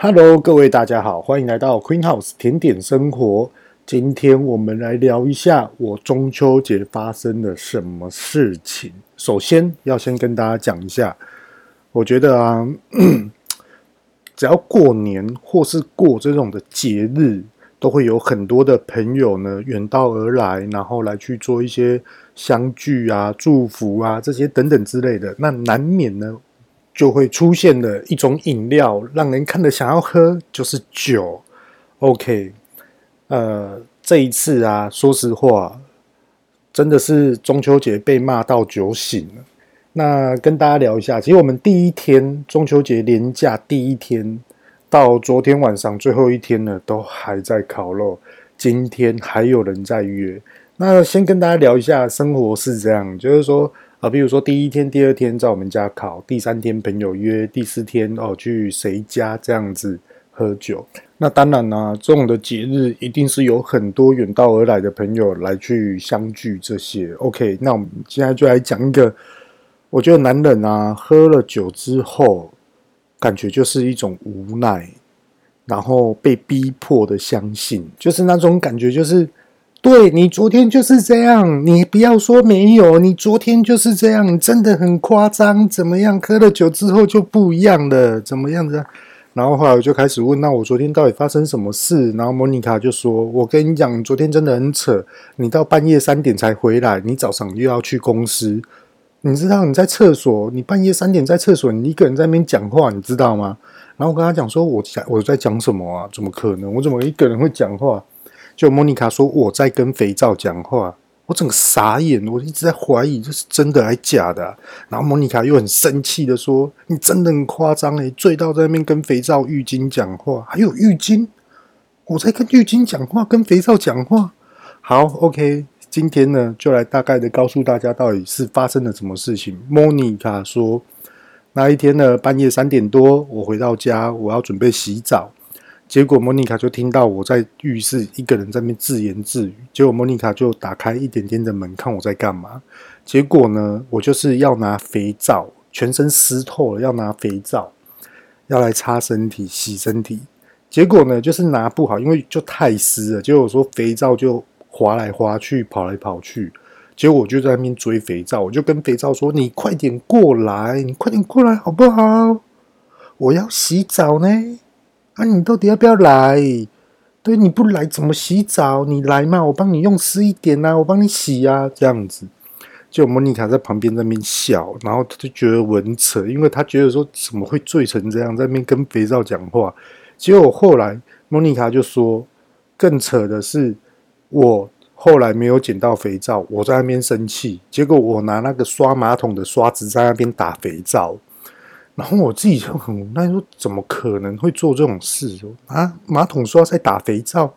Hello，各位大家好，歡迎來到 Queen House 甜點生活。今天我們來聊一下我中秋節發生了什麼事情。首先要先跟大家講一下，我覺得啊，只要過年或是過這種的節日，都會有很多的朋友呢遠道而來，然後來去做一些相聚啊、祝福啊這些等等之類的，那難免呢。就會出現了一種飲料，讓人看了想要喝，就是酒。OK，呃，這一次啊，說實話，真的是中秋節被罵到酒醒了。那跟大家聊一下，其實我們第一天中秋節連假第一天到昨天晚上最後一天呢，都還在烤肉。今天還有人在約。那先跟大家聊一下生活是這樣，就是說。啊，比如說第一天、第二天在我們家烤，第三天朋友約，第四天哦去誰家這樣子喝酒。那當然呢、啊，中秋的節日一定是有很多遠道而來的朋友來去相聚這些。OK，那我們現在就來講一個，我覺得男人啊喝了酒之後，感覺就是一種無奈，然後被逼迫的相信，就是那種感覺，就是。對，你昨天就是這樣，你不要說沒有，你昨天就是這樣，你真的很誇張，怎麼樣？喝了酒之後就不一樣了，怎麼樣子？然後後來我就開始問，那我昨天到底發生什麼事？然後莫妮卡就說：“我跟你講，你昨天真的很扯。你到半夜三點才回來，你早上又要去公司，你知道你在廁所，你半夜三點在廁所，你一個人在那邊講話，你知道嗎？”然後我跟他講說：“我在，我在講什麼啊？怎麼可能？我怎麼一個人會講話？”就莫妮卡說我在跟肥皂講話，我整個傻眼，我一直在懷疑這是真的還假的啊。然後莫妮卡又很生氣的說：“你真的很誇張哎，醉到在那邊跟肥皂浴巾講話，還有浴巾，我在跟浴巾講話，跟肥皂講話。”好，OK，今天呢就來大概的告訴大家到底是發生了什麼事情。莫妮卡說那一天呢，半夜三點多我回到家，我要準備洗澡。結果莫妮卡就聽到我在浴室一個人在那邊自言自語。結果莫妮卡就打開一點點的門看我在幹嘛。結果呢，我就是要拿肥皂，全身濕透了要拿肥皂要來擦身體洗身體。結果呢，就是拿不好，因為就太濕了。結果說肥皂就滑來滑去跑來跑去。結果我就在那邊追肥皂，我就跟肥皂說：“你快點過來，你快點過來好不好？我要洗澡呢。”啊，你到底要不要來？對，你不來怎麼洗澡？你來嘛，我幫你用濕一點啦、啊，我幫你洗啊，這樣子。就莫妮卡在旁邊在那邊笑，然後她就覺得文扯，因為她覺得說怎麼會醉成這樣，在那邊跟肥皂講話。結果後來莫妮卡就說，更扯的是，我後來沒有撿到肥皂，我在那邊生氣，結果我拿那個刷馬桶的刷子在那邊打肥皂。然後我自己就很無奈說：“怎麼可能會做這種事啊？馬桶說要再打肥皂，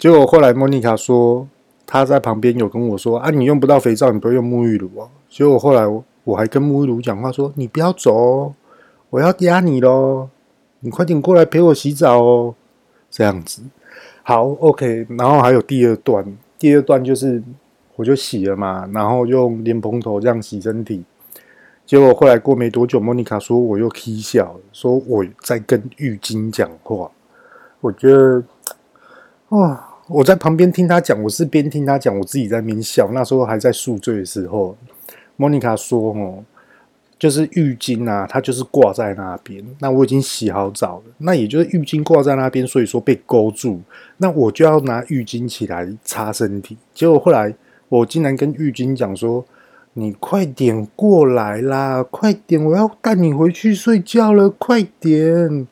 結果後來莫妮卡說她在旁邊有跟我說：‘啊，你用不到肥皂，你不要用沐浴乳哦、啊。結果後來我，我還跟沐浴乳講話說：‘你不要走哦，我要壓你嘍，你快點過來陪我洗澡哦。’這樣子。好，OK。然後還有第二段，第二段就是我就洗了嘛，然後用蓮蓬頭這樣洗身體。”結果後來過沒多久，莫妮卡說我又 K 笑了，說我在跟浴巾講話。我覺得，啊，我在旁邊聽他講，我是邊聽他講，我自己在邊笑。那時候還在宿醉的時候，莫妮卡說：“哦、嗯，就是浴巾啊，它就是掛在那邊。那我已經洗好澡了，那也就是浴巾掛在那邊，所以說被勾住。那我就要拿浴巾起來擦身體。結果後來，我竟然跟浴巾講說。”你快點過來啦！快點，我要帶你回去睡覺了。快點！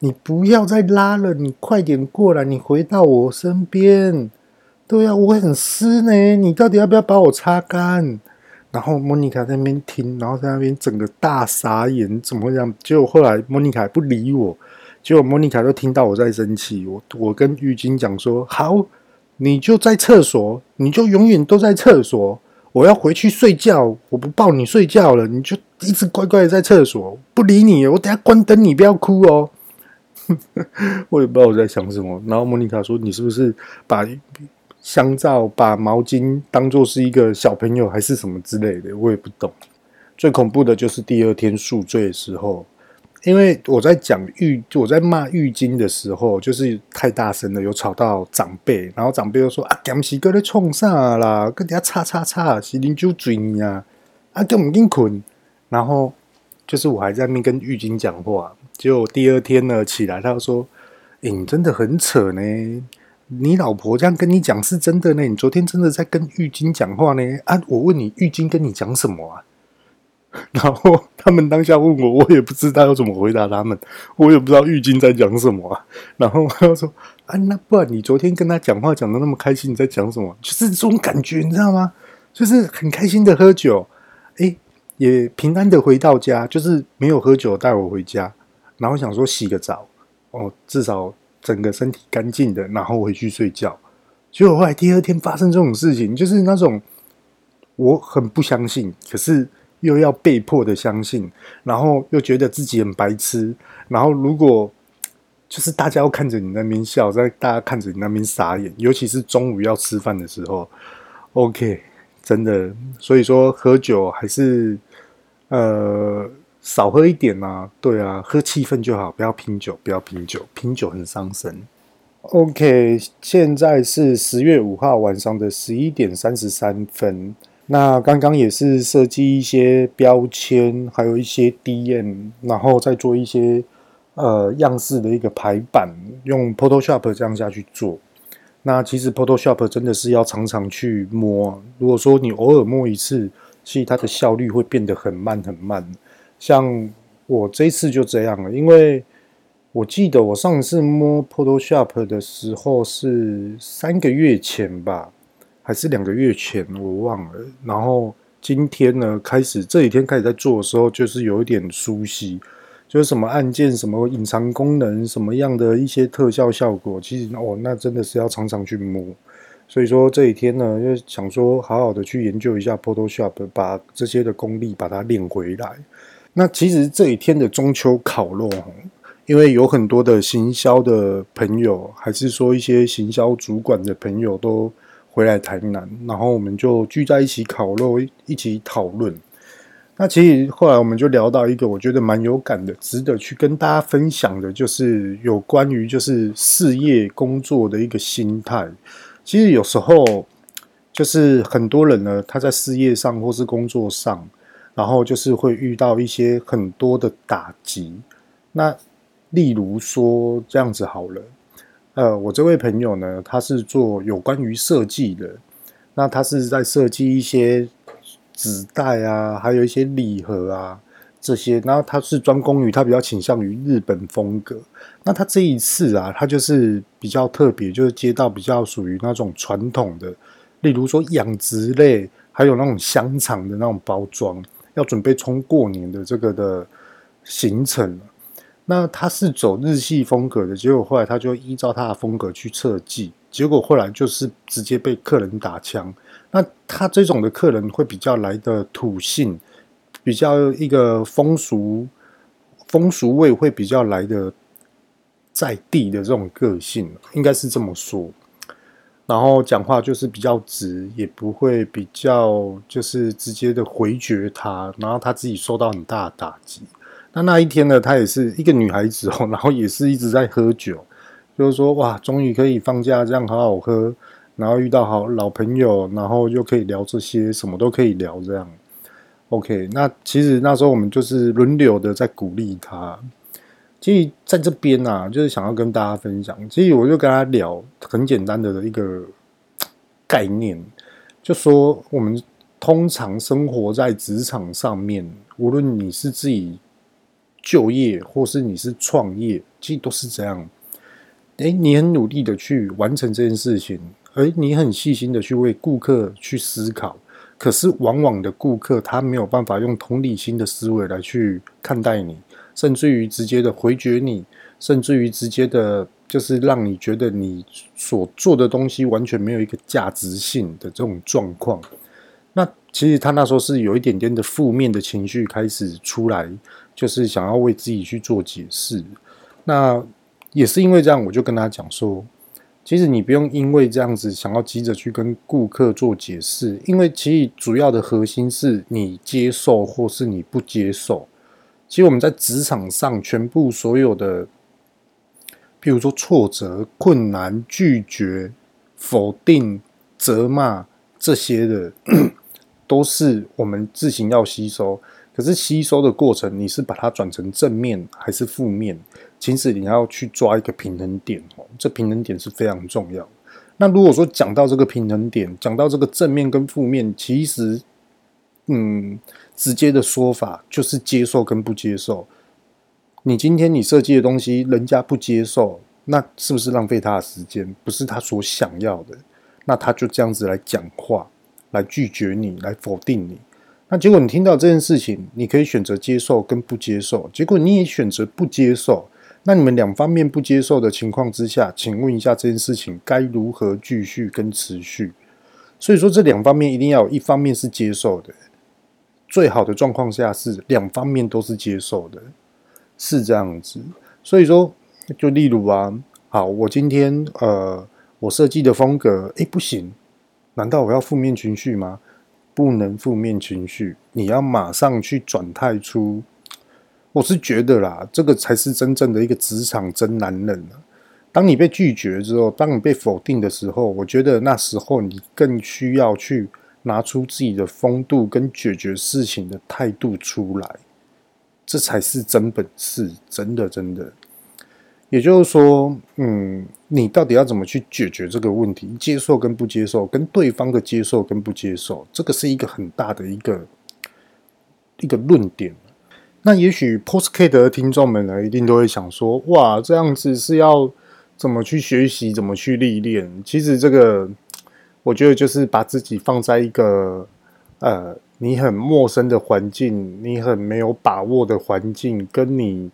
你不要再拉了，你快點過來，你回到我身邊。對呀、啊，我很濕呢，你到底要不要把我擦乾？然後莫妮卡在那邊聽，然後在那邊整個大傻眼，怎麼樣？結果後來莫妮卡不理我，結果莫妮卡都聽到我在生氣。我我跟玉晶講說：好，你就在廁所，你就永遠都在廁所。我要回去睡覺，我不抱你睡覺了，你就一直乖乖的在廁所不理你。我等下關燈你，你不要哭哦。 我也不知道我在想什麼。然後莫妮卡說：“你是不是把香皂、把毛巾當做是一個小朋友，還是什麼之類的？”我也不懂。最恐怖的就是第二天宿醉的時候。因為我在講浴，我在罵浴巾的時候，就是太大聲了，有吵到長輩，然後長輩又說：“啊，江奇哥在沖啥啦？擱底下擦擦擦，是淋酒醉啊。」啊，跟我不硬困。”然後就是我還在那邊跟浴巾講話，結果第二天呢起來，他說、欸：“你真的很扯呢，你老婆這樣跟你講是真的呢？你昨天真的在跟浴巾講話呢？啊，我問你，浴巾跟你講什麼啊？”然後他們當下問我，我也不知道要怎麼回答他們，我也不知道浴巾在講什麼啊。然後他說：“啊，那不然你昨天跟他講話講得那麼開心，你在講什麼？就是這種感覺，你知道嗎？就是很開心的喝酒，誒，也平安的回到家，就是沒有喝酒帶我回家。然後想說洗個澡，哦，至少整個身體乾淨的，然後回去睡覺。結果後來第二天發生這種事情，就是那種我很不相信，可是。”又要被迫的相信，然後又覺得自己很白痴，然後如果就是大家要看着你那邊笑，在大家看着你那邊傻眼，尤其是中午要吃飯的時候，OK，真的，所以說喝酒還是呃少喝一點啊，對啊，喝氣氛就好，不要拼酒，不要拼酒，拼酒很傷身。OK，現在是十月五號晚上的十一點三十三分。那剛剛也是設計一些標籤，還有一些 DM，然後再做一些呃樣式的一個排版，用 Photoshop 這樣下去做。那其實 Photoshop 真的是要常常去摸，如果說你偶爾摸一次，其實它的效率會變得很慢很慢。像我這次就這樣了，因為我記得我上次摸 Photoshop 的時候是三個月前吧。還是兩個月前，我忘了。然後今天呢，開始這幾天開始在做的時候，就是有一點熟悉，就是什麼按鍵、什麼隱藏功能、什麼樣的一些特效效果。其實哦，那真的是要常常去摸。所以說這幾天呢，就想說好好的去研究一下 Photoshop，把這些的功力把它練回來。那其實這幾天的中秋烤肉，因為有很多的行銷的朋友，還是說一些行銷主管的朋友都，回來台南，然後我們就聚在一起烤肉，一起討論。那其實後來我們就聊到一個我覺得蠻有感的，值得去跟大家分享的，就是有關於就是事業工作的一個心態。其實有時候就是很多人呢，他在事業上或是工作上，然後就是會遇到一些很多的打擊。那例如說這樣子好了。呃，我這位朋友呢，他是做有關於設計的，那他是在設計一些紙袋啊，還有一些禮盒啊這些，然後他是專攻於他比較傾向於日本風格。那他這一次啊，他就是比較特別，就是接到比較屬於那種傳統的，例如說養殖類，還有那種香腸的那種包裝，要準備衝過年的這個的行程。那他是走日系風格的，結果後來他就依照他的風格去設計，結果後來就是直接被客人打槍。那他這種的客人會比較來的土性，比較一個風俗，風俗味會比較來的在地的這種個性，應該是這麼說。然後講話就是比較直，也不會比較就是直接的回絕他，然後他自己受到很大的打擊。那那一天呢，她也是一個女孩子哦，然後也是一直在喝酒，就是說哇，終於可以放假，這樣好好喝，然後遇到好老朋友，然後又可以聊這些，什麼都可以聊，這樣。OK，那其實那時候我們就是輪流的在鼓勵她。其實在這邊啊，就是想要跟大家分享。其實我就跟他聊很簡單的的一個概念，就說我們通常生活在職場上面，無論你是自己。就業，或是你是創業，其實都是這樣。誒，你很努力的去完成這件事情，而你很細心的去為顧客去思考，可是往往的顧客他沒有辦法用同理心的思維來去看待你，甚至於直接的回絕你，甚至於直接的，就是讓你覺得你所做的東西完全沒有一個價值性的這種狀況。那其實他那時候是有一點點的負面的情緒開始出來。就是想要為自己去做解釋，那也是因為這樣，我就跟他講說，其實你不用因為這樣子想要急着去跟顧客做解釋，因為其實主要的核心是你接受或是你不接受。其實我們在職場上，全部所有的，譬如說挫折、困難、拒絕、否定、責罵這些的咳咳，都是我們自行要吸收。可是吸收的過程，你是把它轉成正面還是負面？其實你要去抓一個平衡點哦，這平衡點是非常重要。那如果說講到這個平衡點，講到這個正面跟負面，其實，嗯，直接的說法就是接受跟不接受。你今天你設計的東西，人家不接受，那是不是浪費他的時間？不是他所想要的，那他就這樣子來講話，來拒絕你，來否定你。那結果，你聽到這件事情，你可以選擇接受跟不接受。結果你也選擇不接受。那你們兩方面不接受的情況之下，請問一下這件事情該如何繼續跟持續？所以說這兩方面一定要有一方面是接受的。最好的狀況下是兩方面都是接受的，是這樣子。所以說，就例如啊，好，我今天呃，我設計的風格，誒，不行，難道我要負面情緒嗎？不能負面情緒，你要馬上去轉態出。我是覺得啦，這個才是真正的一個職場真男人了啊。當你被拒絕之後，當你被否定的時候，我覺得那時候你更需要去拿出自己的風度跟解決事情的態度出來，這才是真本事，真的真的。也就是說，嗯，你到底要怎麼去解決這個問題？接受跟不接受，跟對方的接受跟不接受，這個是一個很大的一個一個論點。那也許 Podcast 的聽眾們呢，一定都會想說，哇，這樣子是要怎麼去學習，怎麼去歷練？其實這個，我覺得就是把自己放在一個呃，你很陌生的環境，你很沒有把握的環境，跟你。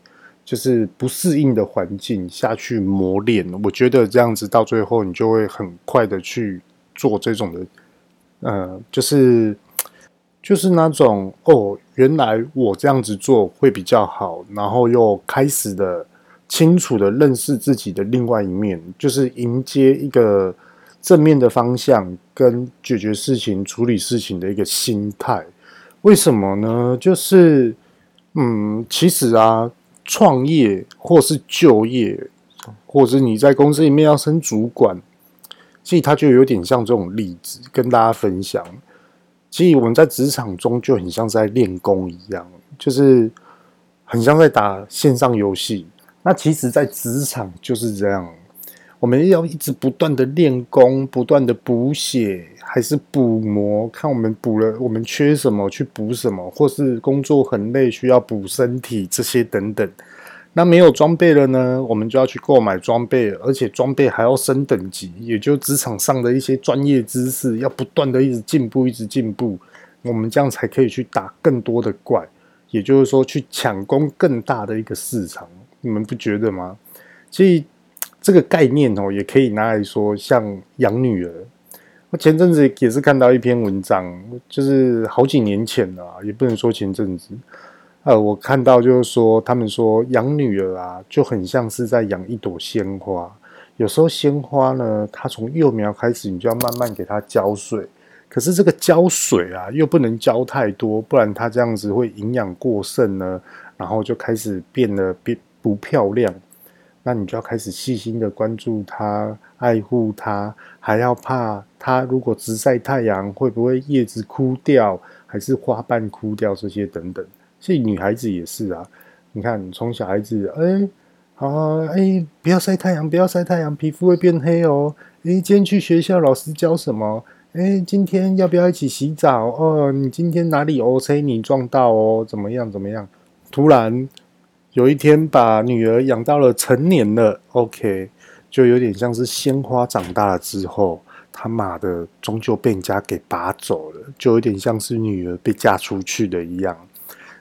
就是不適應的環境下去磨練，我覺得這樣子到最後你就會很快的去做這種的，嗯、呃，就是就是那種哦，原來我這樣子做會比較好，然後又開始的清楚的認識自己的另外一面，就是迎接一個正面的方向跟解決事情、處理事情的一個心態。為什麼呢？就是嗯，其實啊。創業，或是就業，或是你在公司裡面要升主管，其實他就有點像這種例子跟大家分享。其實我們在職場中就很像是在練功一樣，就是很像在打線上遊戲。那其實，在職場就是這樣。我們要一直不斷的練功，不斷的補血，還是補魔？看我們補了，我們缺什麼去補什麼，或是工作很累需要補身體這些等等。那沒有裝備了呢？我們就要去購買裝備，而且裝備還要升等級，也就是職場上的一些專業知識要不斷的一直進步，一直進步。我們這樣才可以去打更多的怪，也就是說去搶攻更大的一個市場。你們不覺得嗎？所以。這個概念哦，也可以拿來說，像養女兒。我前陣子也是看到一篇文章，就是好幾年前了啊，也不能說前陣子。呃，我看到就是說，他們說養女兒啊，就很像是在養一朵鮮花。有時候鮮花呢，它從幼苗開始，你就要慢慢給它澆水。可是這個澆水啊，又不能澆太多，不然它這樣子會營養過剩呢，然後就開始變得不漂亮。那你就要開始細心的關注他，愛護他，還要怕他如果直曬太陽會不會葉子枯掉，還是花瓣枯掉這些等等。所以女孩子也是啊，你看從小孩子，哎、欸、好，哎、呃欸，不要曬太陽，不要曬太陽，皮膚會變黑哦。哎、欸，今天去學校老師教什麼？哎、欸，今天要不要一起洗澡？哦，你今天哪裡哦？哎，你撞到哦？怎麼樣？怎麼樣？突然。有一天，把女兒養到了成年了，OK，就有點像是鮮花長大了之後，他媽的終究被人家給拔走了，就有點像是女兒被嫁出去的一樣。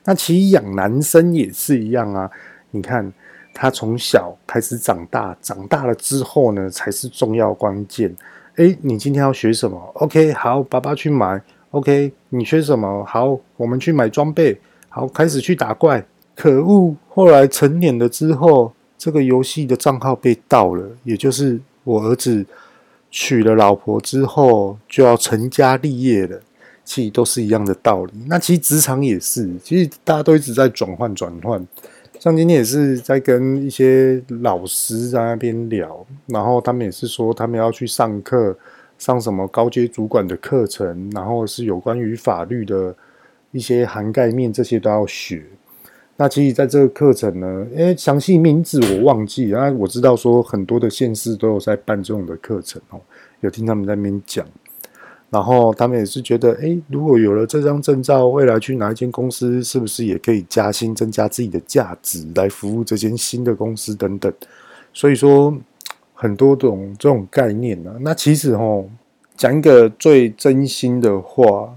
那其實養男生也是一樣啊。你看，他從小開始長大，長大了之後呢，才是重要關鍵。誒，你今天要學什麼？OK，好，爸爸去買。OK，你學什麼？好，我們去買裝備。好，開始去打怪。可惡！後來成年了之後，這個遊戲的賬號被盜了。也就是我兒子娶了老婆之後，就要成家立業了。其實都是一樣的道理。那其實職場也是，其實大家都一直在轉換轉換。像今天也是在跟一些老師在那邊聊，然後他們也是說，他們要去上課，上什麼高階主管的課程，然後是有關於法律的一些涵蓋面，這些都要學。那其實，在這個課程呢，因為詳細名字我忘記，然後我知道說很多的縣市都有在辦這種的課程哦，有聽他們在那邊講，然後他們也是覺得誒，如果有了這張證照，未來去哪一間公司，是不是也可以加薪，增加自己的價值，來服務這間新的公司等等，所以說很多種這種概念啊。那其實，哦，講一個最真心的話，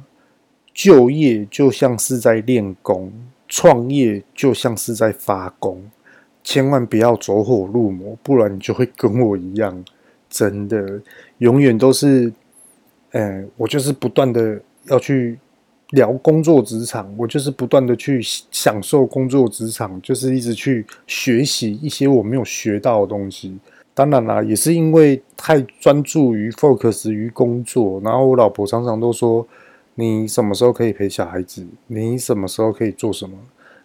就業就像是在練功。創業就像是在發功，千萬不要走火入魔，不然你就會跟我一樣，真的永遠都是，哎、呃，我就是不斷的要去聊工作職場，我就是不斷的去享受工作職場，就是一直去學習一些我沒有學到的東西。當然啦，也是因為太專注於 focus 於工作，然後我老婆常常都說，你什麼時候可以陪小孩子？你什麼時候可以做什麼？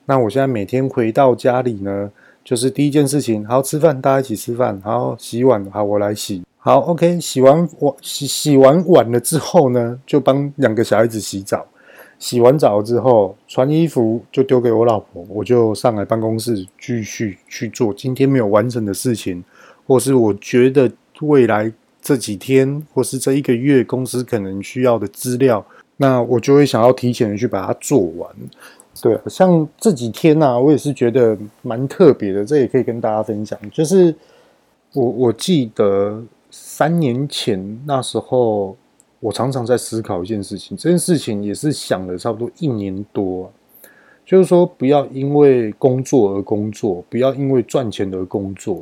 那我現在每天回到家裡呢，就是第一件事情，好，吃飯，大家一起吃飯，然後洗碗，好，我來洗。好，OK，洗完碗洗洗完碗了之後呢，就幫兩個小孩子洗澡，洗完澡之後穿衣服就丟給我老婆，我就上來辦公室繼續去做今天沒有完成的事情，或是我覺得未來這幾天或是這一個月公司可能需要的資料。那我就會想要提前的去把它做完，對啊。像這幾天呢啊，我也是覺得蠻特別的，這也可以跟大家分享。就是我我記得三年前那時候，我常常在思考一件事情，這件事情也是想了差不多一年多啊，就是說不要因為工作而工作，不要因為賺錢而工作，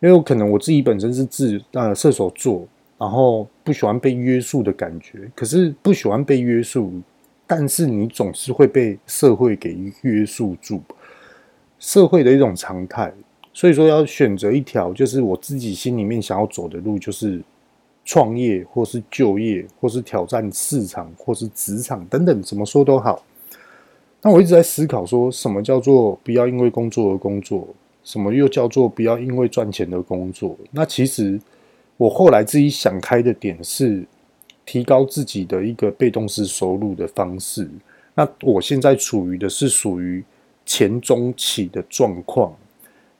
因為我可能我自己本身是自呃射手座。然後不喜歡被約束的感覺，可是不喜歡被約束，但是你總是會被社會給約束住，社會的一種常態。所以說，要選擇一條就是我自己心裡面想要走的路，就是創業或是就業，或是挑戰市場，或是職場等等，怎麼說都好。那我一直在思考，說什麼叫做不要因為工作而工作，什麼又叫做不要因為賺錢而工作？那其實。我後來自己想開的點是提高自己的一個被動式收入的方式。那我現在處於的是屬於前中期的狀況。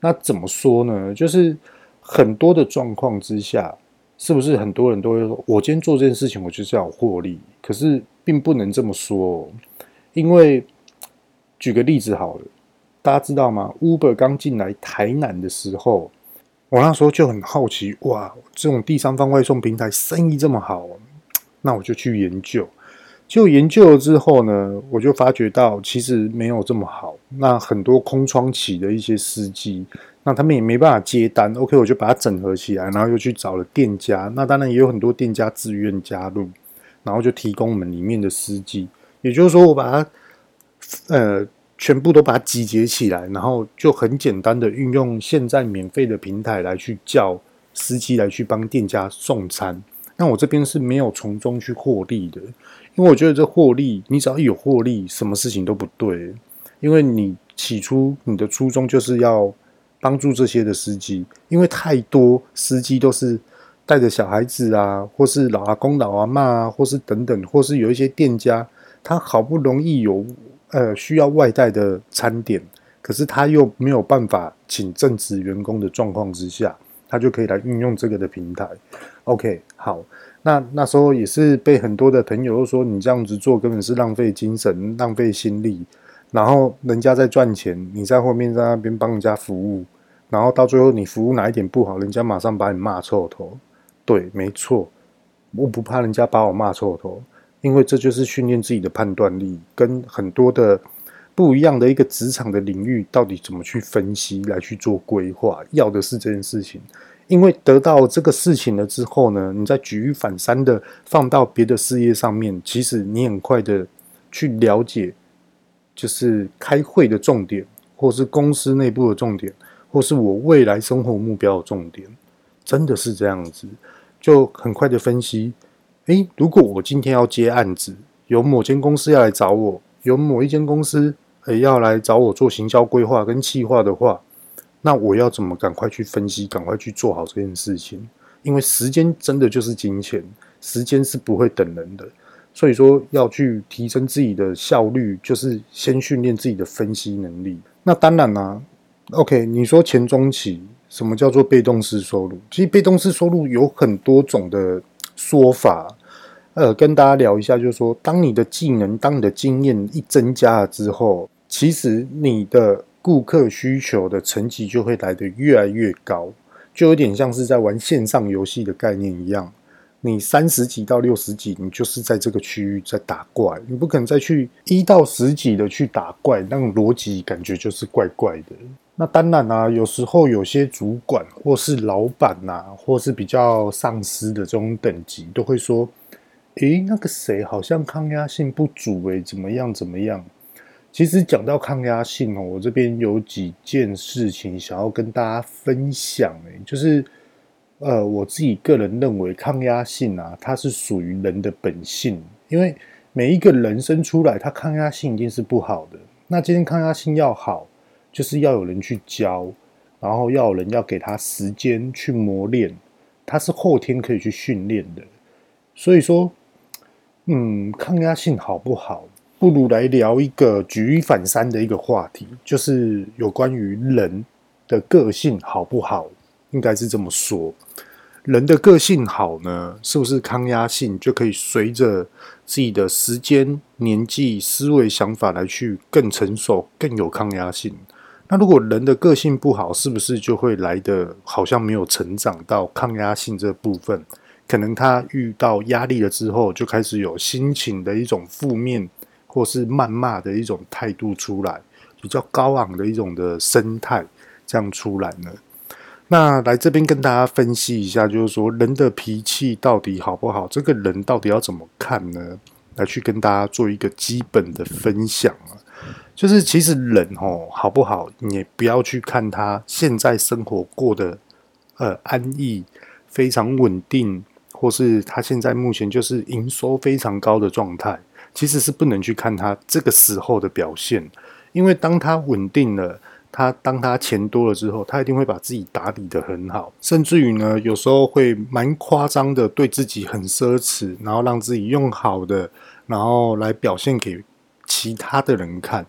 那怎麼說呢？就是很多的狀況之下，是不是很多人都會說，我今天做這件事情，我就是要獲利？可是並不能這麼說哦。因為舉個例子好了，大家知道嗎？Uber 剛進來台南的時候。我那時候就很好奇，哇，這種第三方外送平台生意這麼好啊，那我就去研究。結果研究了之後呢，我就發覺到其實沒有這麼好。那很多空窗期的一些司機，那他們也沒辦法接單。OK，我就把它整合起來，然後又去找了店家。那當然也有很多店家自願加入，然後就提供我們裡面的司機。也就是說，我把它呃。全部都把它集結起來，然後就很簡單的運用現在免費的平台來去叫司機來去幫店家送餐。那我這邊是沒有從中去獲利的，因為我覺得這獲利，你只要有獲利，什麼事情都不對。因為你起初你的初衷就是要幫助這些的司機，因為太多司機都是帶着小孩子啊，或是老阿公老阿嬤啊，或是等等，或是有一些店家他好不容易有。呃，需要外帶的餐點，可是他又沒有辦法請正職員工的狀況之下，他就可以來運用這個的平台。OK，好，那那時候也是被很多的朋友都說，你這樣子做根本是浪費精神、浪費心力，然後人家在賺錢，你在後面在那邊幫人家服務，然後到最後你服務哪一點不好，人家馬上把你罵臭頭。對，沒錯，我不怕人家把我罵臭頭。因為這就是訓練自己的判斷力，跟很多的不一樣的一個職場的領域，到底怎麼去分析來去做規劃，要的是這件事情。因為得到這個事情了之後呢，你再舉一反三的放到別的事業上面，其實你很快的去了解，就是開會的重點，或是公司內部的重點，或是我未來生活目標的重點，真的是這樣子，就很快的分析。哎，如果我今天要接案子，有某間公司要來找我，有某一間公司呃要來找我做行銷規劃跟企劃的話，那我要怎麼趕快去分析，趕快去做好這件事情？因為時間真的就是金錢，時間是不會等人的，所以說要去提升自己的效率，就是先訓練自己的分析能力。那當然啦，OK，你說前中期，什麼叫做被動式收入？其實被動式收入有很多種的。說法，呃，跟大家聊一下，就是說，當你的技能、當你的經驗一增加了之後，其實你的顧客需求的層級就會來得越來越高，就有點像是在玩線上遊戲的概念一樣。你三十幾到六十幾，你就是在這個區域在打怪，你不可能再去一到十幾的去打怪，那種邏輯感覺就是怪怪的。那當然啊，有時候有些主管或是老闆啊，或是比較上司的這種等級，都會說：“誒那個誰好像抗壓性不足誒怎麼樣怎麼樣？”其實講到抗壓性哦，我這邊有幾件事情想要跟大家分享誒就是。呃，我自己個人認為，抗壓性啊，它是屬於人的本性，因為每一個人生出來，他抗壓性一定是不好的。那今天抗壓性要好，就是要有人去教，然後要有人要給他時間去磨練，他是後天可以去訓練的。所以說，嗯，抗壓性好不好，不如來聊一個舉一反三的一個話題，就是有關於人的個性好不好。應該是這麼說，人的個性好呢，是不是抗壓性就可以隨着自己的時間、年紀、思維、想法來去更成熟、更有抗壓性？那如果人的個性不好，是不是就會來得好像沒有成長到抗壓性這部分？可能他遇到壓力了之後，就開始有心情的一種負面，或是謾罵的一種態度出來，比較高昂的一種的生態這樣出來呢？那來這邊跟大家分析一下，就是說人的脾氣到底好不好？這個人到底要怎麼看呢？來去跟大家做一個基本的分享。就是其實人哦好不好，你也不要去看他現在生活過得呃安逸，非常穩定，或是他現在目前就是營收非常高的狀態，其實是不能去看他這個時候的表現，因為當他穩定了，他當他錢多了之後，他一定會把自己打理得很好，甚至於呢，有時候會蠻誇張的，對自己很奢侈，然後讓自己用好的，然後來表現給其他的人看。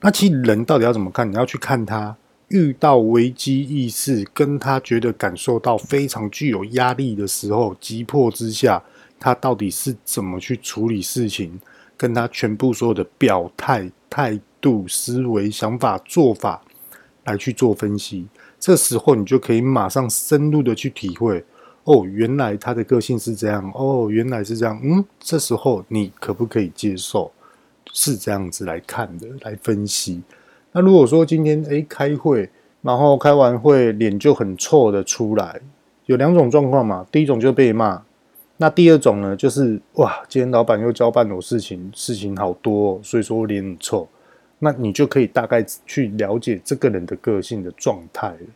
那其實人到底要怎麼看？你要去看他遇到危機意識，跟他覺得感受到非常具有壓力的時候，急迫之下，他到底是怎麼去處理事情，跟他全部所有的表態、態度、思維、想法、做法。來去做分析，這時候你就可以馬上深入的去體會哦，原來他的個性是這樣哦，原來是這樣，嗯，這時候你可不可以接受？是這樣子來看的，來分析。那如果說今天誒開會，然後開完會臉就很臭的出來，有兩種狀況嘛，第一種就被罵，那第二種呢就是哇，今天老闆又交辦我事情，事情好多哦，所以說我臉很臭。那你就可以大概去了解這個人的個性的狀態了。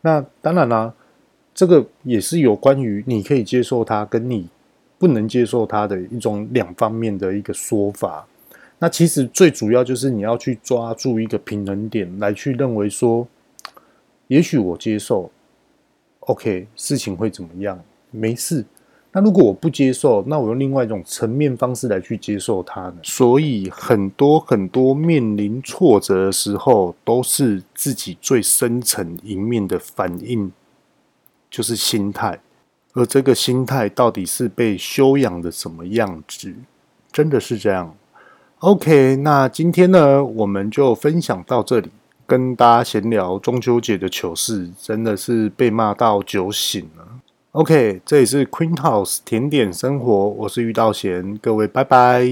那當然啦、啊，這個也是有關於你可以接受他跟你不能接受他的一種兩方面的一個說法。那其實最主要就是你要去抓住一個平衡點來去認為說，也許我接受，OK，事情會怎麼樣，沒事。那如果我不接受，那我用另外一種層面方式來去接受它呢？所以很多很多面臨挫折的時候，都是自己最深層一面的反應，就是心態。而這個心態到底是被修養的什麼樣子？真的是這樣。OK，那今天呢，我們就分享到這裡，跟大家閒聊中秋節的糗事，真的是被罵到酒醒了。OK，這裡是 Queen House 甜點生活，我是玉道賢，各位拜拜。